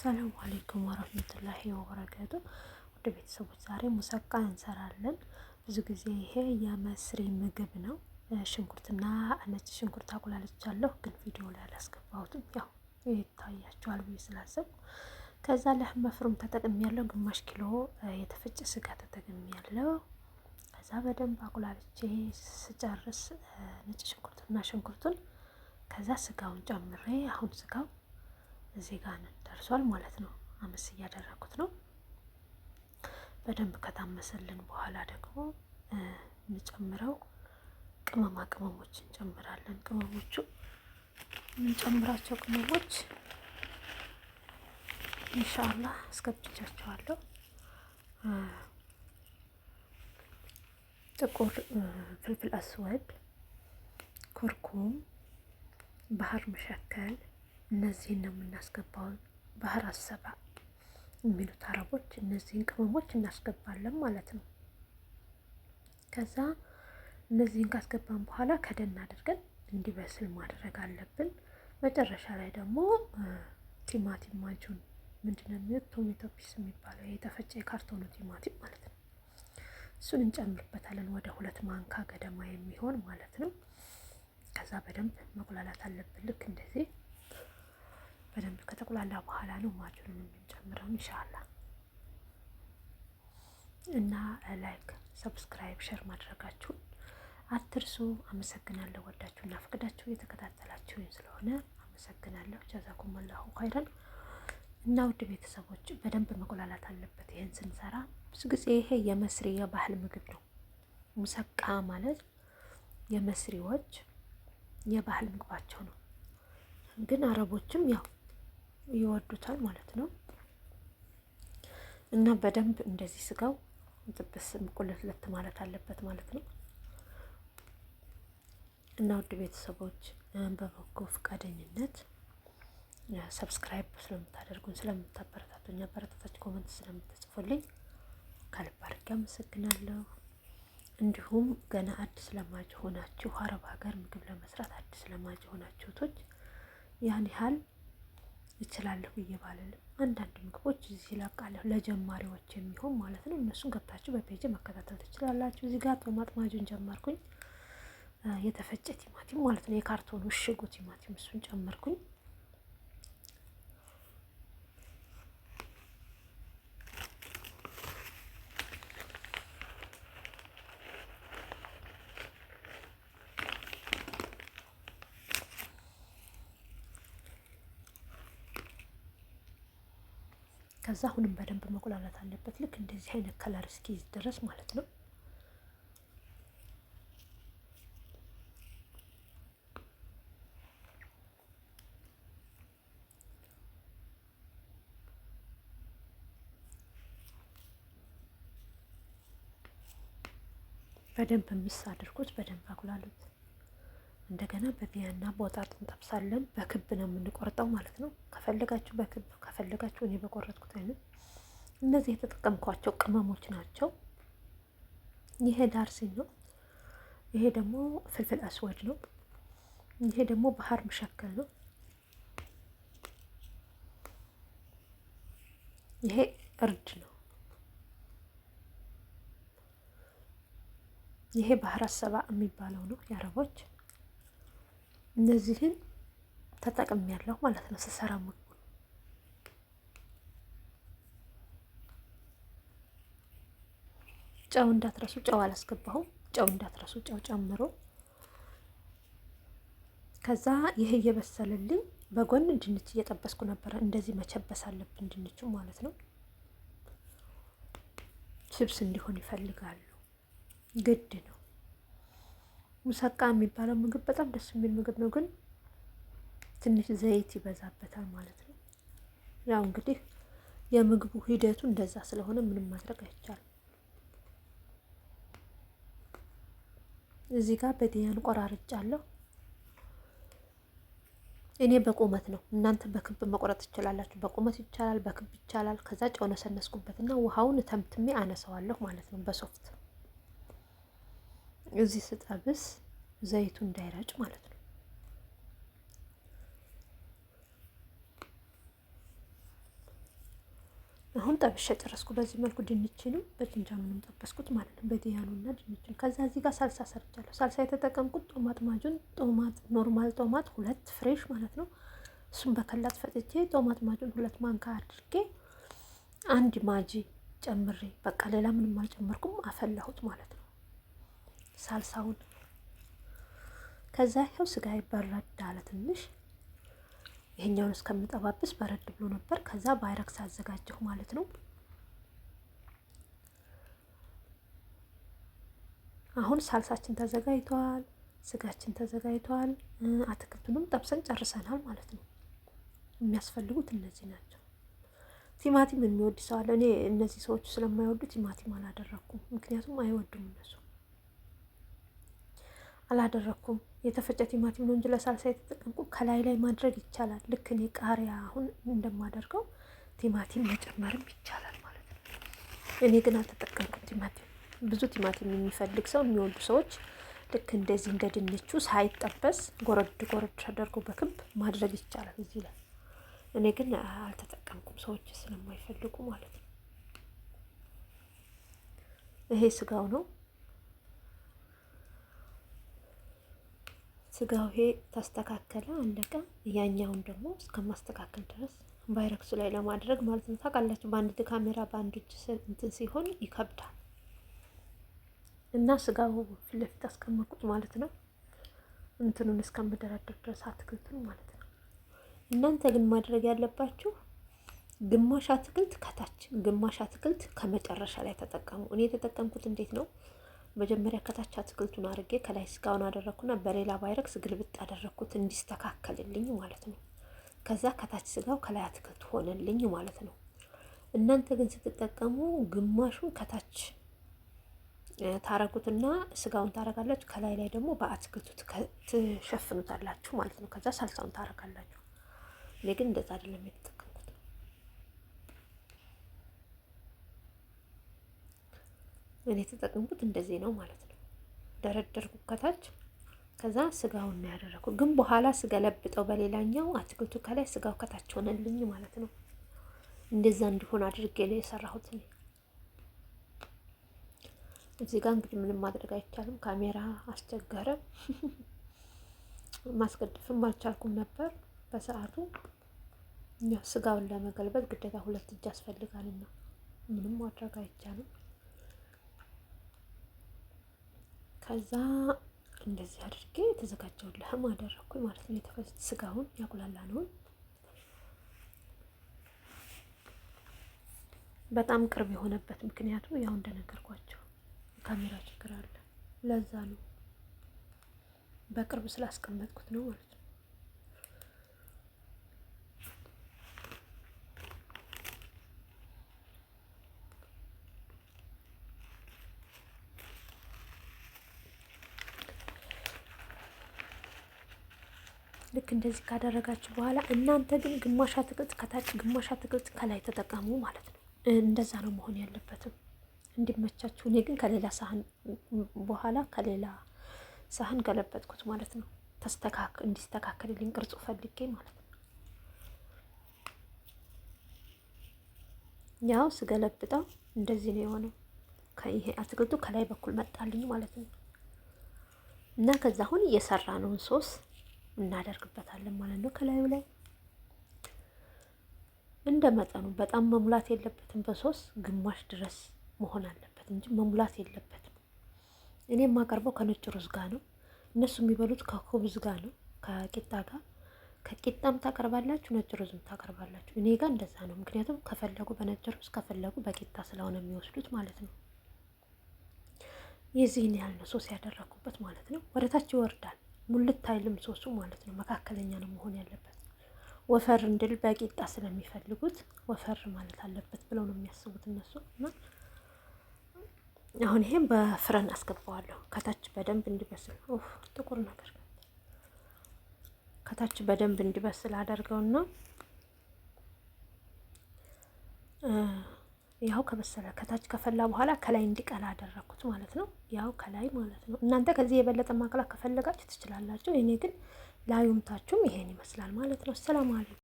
ሰላም አለይኩም ወረህመቱላሂ ወበረካቱ። ወደ ቤተሰቦች ዛሬ ሙሰቃ እንሰራለን። ብዙ ጊዜ ይሄ የመስሪ ምግብ ነው። ሽንኩርትና ነጭ ሽንኩርት አቁላልቻለሁ፣ ግን ቪዲዮ ላይ አላስገባሁትም። ያው ይታያቸዋል ብዬ ስላሰብኩ ከዛ ለህም መፍሩም ተጠቅሜያለሁ። ግማሽ ኪሎ የተፈጨ ስጋ ተጠቅሜያለሁ። ከዛ በደንብ አቁላልቼ ስጨርስ ነጭ ሽንኩርትና ሽንኩርቱን ከዛ ስጋውን ጨምሬ አሁን ስጋው እዚህ ጋር ደርሷል ማለት ነው። አመስ እያደረኩት ነው። በደንብ ከታመሰልን በኋላ ደግሞ የምንጨምረው ቅመማ ቅመሞች እንጨምራለን። ቅመሞቹ የምንጨምራቸው ቅመሞች ኢንሻአላህ አስገብቻቸዋለሁ። ጥቁር ፍልፍል አስወድ፣ ኩርኩም፣ ባህር መሸከል እነዚህን ነው የምናስገባው። ባህር አሰባ የሚሉት አረቦች እነዚህን ቅመሞች እናስገባለን ማለት ነው። ከዛ እነዚህን ካስገባን በኋላ ከደን አድርገን እንዲበስል ማድረግ አለብን። መጨረሻ ላይ ደግሞ ቲማቲም ማጁን ምንድነው የሚሉት ቶሜቶ ፒስ የሚባለው የተፈጨ የካርቶኑ ቲማቲም ማለት ነው። እሱን እንጨምርበታለን ወደ ሁለት ማንካ ገደማ የሚሆን ማለት ነው። ከዛ በደንብ መቁላላት አለብን ልክ እንደዚህ በደንብ ከተቁላላ በኋላ ነው ማጁን የምንጨምረው እንሻላ እና ላይክ፣ ሰብስክራይብ፣ ሸር ማድረጋችሁን አትርሱ። አመሰግናለሁ። ወዳችሁና ፈቅዳችሁ እየተከታተላችሁኝ ስለሆነ አመሰግናለሁ። ጀዛኩም አላሁ ኸይረን። እና ውድ ቤተሰቦች በደንብ መቆላላት አለበት። ይህን ስንሰራ ብዙ ጊዜ ይሄ የመስሪ የባህል ምግብ ነው። ሙሰቃ ማለት የመስሪዎች የባህል ምግባቸው ነው። ግን አረቦችም ያው ይወዱታል ማለት ነው። እና በደንብ እንደዚህ ስጋው ጥብስ ቁልትለት ማለት አለበት ማለት ነው። እና ውድ ቤተሰቦች በበጎ ፈቃደኝነት ሰብስክራይብ ስለምታደርጉን ስለምታበረታቱኝ፣ አበረታታች ኮመንት ስለምትጽፉልኝ ከልብ አድርጌ አመሰግናለሁ። እንዲሁም ገና አዲስ ለማጅ ሆናችሁ አረብ ሀገር ምግብ ለመስራት አዲስ ለማጅ ሆናችሁቶች ያን ያህል እችላለሁ ብዬ ባልልም አንዳንድ ምግቦች እዚህ ይለቃለሁ ለጀማሪዎች የሚሆን ማለት ነው። እነሱን ገብታችሁ በፔጅ መከታተል ትችላላችሁ። እዚህ ጋር ቶማት ማጁን ጀመርኩኝ፣ የተፈጨ ቲማቲም ማለት ነው። የካርቶን እሽጉ ቲማቲም እሱን ጨመርኩኝ። ከዛ አሁንም በደንብ መቁላላት አለበት። ልክ እንደዚህ አይነት ከለር እስኪይዝ ድረስ ማለት ነው። በደንብ ምስ አድርጉት። በደንብ አጉላሉት። እንደገና በቢያና በወጣት እንጠብሳለን። በክብ ነው የምንቆርጠው ማለት ነው። ከፈለጋችሁ በክብ ከፈለጋችሁ እኔ በቆረጥኩት አይነት። እነዚህ የተጠቀምኳቸው ቅመሞች ናቸው። ይሄ ዳርሲ ነው። ይሄ ደግሞ ፍልፍል አስወድ ነው። ይሄ ደግሞ ባህር መሸከል ነው። ይሄ እርድ ነው። ይሄ ባህር አሰባ የሚባለው ነው የአረቦች እነዚህን ተጠቅም ያለው ማለት ነው ስሰራ ምግቡ ጨው እንዳትረሱ ጨው አላስገባሁም ጨው እንዳትረሱ ጨው ጨምሮ ከዛ ይህ እየበሰለልኝ በጎን ድንች እየጠበስኩ ነበረ እንደዚህ መቸበስ አለብን ድንቹ ማለት ነው ችብስ እንዲሆን ይፈልጋሉ ግድ ነው ሙሰቃ የሚባለው ምግብ በጣም ደስ የሚል ምግብ ነው፣ ግን ትንሽ ዘይት ይበዛበታል ማለት ነው። ያው እንግዲህ የምግቡ ሂደቱ እንደዛ ስለሆነ ምንም ማድረግ አይቻልም። እዚህ ጋር በድያን ቆራርጫለሁ። እኔ በቁመት ነው፣ እናንተ በክብ መቁረጥ ትችላላችሁ። በቁመት ይቻላል፣ በክብ ይቻላል። ከዛ ጨው ነሰነስኩበትና ውሃውን ተምትሜ አነሰዋለሁ ማለት ነው በሶፍት እዚህ ስጠብስ ዘይቱ እንዳይረጭ ማለት ነው። አሁን ጠብሼ ጨረስኩ። በዚህ መልኩ ድንችንም በጅንጃምንም ጠበስኩት ማለት ነው፣ በዲያኑና ድንችን። ከዛ እዚህ ጋር ሳልሳ ሰርቻለሁ። ሳልሳ የተጠቀምኩት ጦማት ማጁን፣ ጦማት ኖርማል ጦማት ሁለት ፍሬሽ ማለት ነው። እሱም በከላት ፈጭቼ ጦማት ማጁን ሁለት ማንካ አድርጌ አንድ ማጂ ጨምሬ፣ በቃ ሌላ ምንም አልጨመርኩም፣ አፈላሁት ማለት ነው። ሳልሳውን። ከዛ ያው ስጋ በረድ አለ ትንሽ። ይሄኛውን እስከምጠባብስ በረድ ብሎ ነበር። ከዛ ባይረክስ አዘጋጀሁ ማለት ነው። አሁን ሳልሳችን ተዘጋጅቷል፣ ስጋችን ተዘጋጅቷል። አትክልቱንም ጠብሰን ጨርሰናል ማለት ነው። የሚያስፈልጉት እነዚህ ናቸው። ቲማቲም የሚወድ ሰው አለ። እኔ እነዚህ ሰዎች ስለማይወዱ ቲማቲም አላደረኩም፣ ምክንያቱም አይወዱም እነሱ አላደረግኩም። የተፈጨ ቲማቲም ነው እንጂ ለሳልሳ የተጠቀምኩ ከላይ ላይ ማድረግ ይቻላል። ልክ እኔ ቃሪያ አሁን እንደማደርገው ቲማቲም መጨመርም ይቻላል ማለት ነው። እኔ ግን አልተጠቀምኩም ቲማቲም። ብዙ ቲማቲም የሚፈልግ ሰው የሚወዱ ሰዎች ልክ እንደዚህ እንደ ድንቹ ሳይጠበስ ጎረድ ጎረድ ተደርጎ በክብ ማድረግ ይቻላል እዚህ ላይ። እኔ ግን አልተጠቀምኩም ሰዎች ስለማይፈልጉ ማለት ነው። ይሄ ስጋው ነው። ስጋው ይሄ ተስተካከለ አለቀ። ያኛውን ደግሞ እስከማስተካከል ድረስ ቫይረክሱ ላይ ለማድረግ ማለት ነው። ታውቃላችሁ በአንድ ካሜራ በአንድ እጅ እንትን ሲሆን ይከብዳል። እና ስጋው ፊት ለፊት አስቀመጥኩት ማለት ነው። እንትኑን እስከምደረድር ድረስ አትክልቱን ማለት ነው። እናንተ ግን ማድረግ ያለባችሁ ግማሽ አትክልት ከታች፣ ግማሽ አትክልት ከመጨረሻ ላይ ተጠቀሙ። እኔ የተጠቀምኩት እንዴት ነው መጀመሪያ ከታች አትክልቱን አድርጌ ከላይ ስጋውን አደረግኩና በሌላ ባይረክስ ግልብጥ አደረግኩት እንዲስተካከልልኝ ማለት ነው። ከዛ ከታች ስጋው ከላይ አትክልት ሆነልኝ ማለት ነው። እናንተ ግን ስትጠቀሙ ግማሹን ከታች ታረጉትና ስጋውን ታረጋላችሁ። ከላይ ላይ ደግሞ በአትክልቱ ትሸፍኑታላችሁ ማለት ነው። ከዛ ሳልሳውን ታረጋላችሁ። እኔ ግን እንደዛ አይደለም። እኔ የተጠቀምኩት እንደዚህ ነው ማለት ነው። ደረደርኩ ከታች ከዛ ስጋውን ነው ያደረኩ። ግን በኋላ ስጋ ለብጠው በሌላኛው አትክልቱ ከላይ ስጋው ከታች ሆነልኝ ማለት ነው። እንደዛ እንዲሆን አድርጌ ነው የሰራሁት። እዚህ ጋር እንግዲህ ምንም ማድረግ አይቻልም። ካሜራ አስቸገረ። ማስገደፍም አልቻልኩም ነበር በሰዓቱ። ስጋውን ለመገልበጥ ግዴታ ሁለት እጅ ያስፈልጋልና ምንም ማድረግ አይቻልም። ከዛ እንደዚህ አድርጌ የተዘጋጀውን ለህም አደረግኩኝ ማለት ነው። የተፈ ስጋውን ያቁላላ ነውን በጣም ቅርብ የሆነበት ምክንያቱ ያው እንደነገርኳቸው ካሜራ ችግር አለ። ለዛ ነው በቅርብ ስላስቀመጥኩት ነው ማለት ነው። ልክ እንደዚህ ካደረጋችሁ በኋላ እናንተ ግን ግማሽ አትክልት ከታች ግማሽ አትክልት ከላይ ተጠቀሙ ማለት ነው። እንደዛ ነው መሆን ያለበትም እንዲመቻችሁ። እኔ ግን ከሌላ ሳህን በኋላ ከሌላ ሳህን ገለበጥኩት ማለት ነው። እንዲስተካከልልኝ ቅርጹ ፈልጌ ማለት ነው። ያው ስገለብጠው እንደዚህ ነው የሆነው። ይሄ አትክልቱ ከላይ በኩል መጣልኝ ማለት ነው። እና ከዛ አሁን እየሰራ ነውን ሶስ እናደርግበታለን ማለት ነው። ከላዩ ላይ እንደ መጠኑ በጣም መሙላት የለበትም። በሶስት ግማሽ ድረስ መሆን አለበት እንጂ መሙላት የለበትም። እኔ የማቀርበው ከነጭ ሩዝ ጋር ነው። እነሱ የሚበሉት ከኩብዝ ጋር ነው፣ ከቂጣ ጋር። ከቂጣም ታቀርባላችሁ፣ ነጭ ሩዝም ታቀርባላችሁ። እኔ ጋር እንደዛ ነው። ምክንያቱም ከፈለጉ በነጭ ሩዝ ከፈለጉ በቂጣ ስለሆነ የሚወስዱት ማለት ነው። የዚህን ያህል ነው ሶስ ያደረኩበት ማለት ነው። ወደታች ይወርዳል። ሙልት አይልም ሶሱ ማለት ነው። መካከለኛ ነው መሆን ያለበት። ወፈር እንድል በቂጣ ስለሚፈልጉት ወፈር ማለት አለበት ብለው ነው የሚያስቡት እነሱ እና አሁን ይሄም በፍረን አስገባዋለሁ ከታች በደንብ እንዲበስል ጥቁር ነገር ከታች በደንብ እንዲበስል አደርገውና ያው ከበሰለ ከታች ከፈላ በኋላ ከላይ እንዲቀላ አደረግኩት ማለት ነው። ያው ከላይ ማለት ነው። እናንተ ከዚህ የበለጠ ማቅላት ከፈለጋችሁ ትችላላችሁ። እኔ ግን ላዩምታችሁም ይሄን ይመስላል ማለት ነው። ሰላም አለይኩም።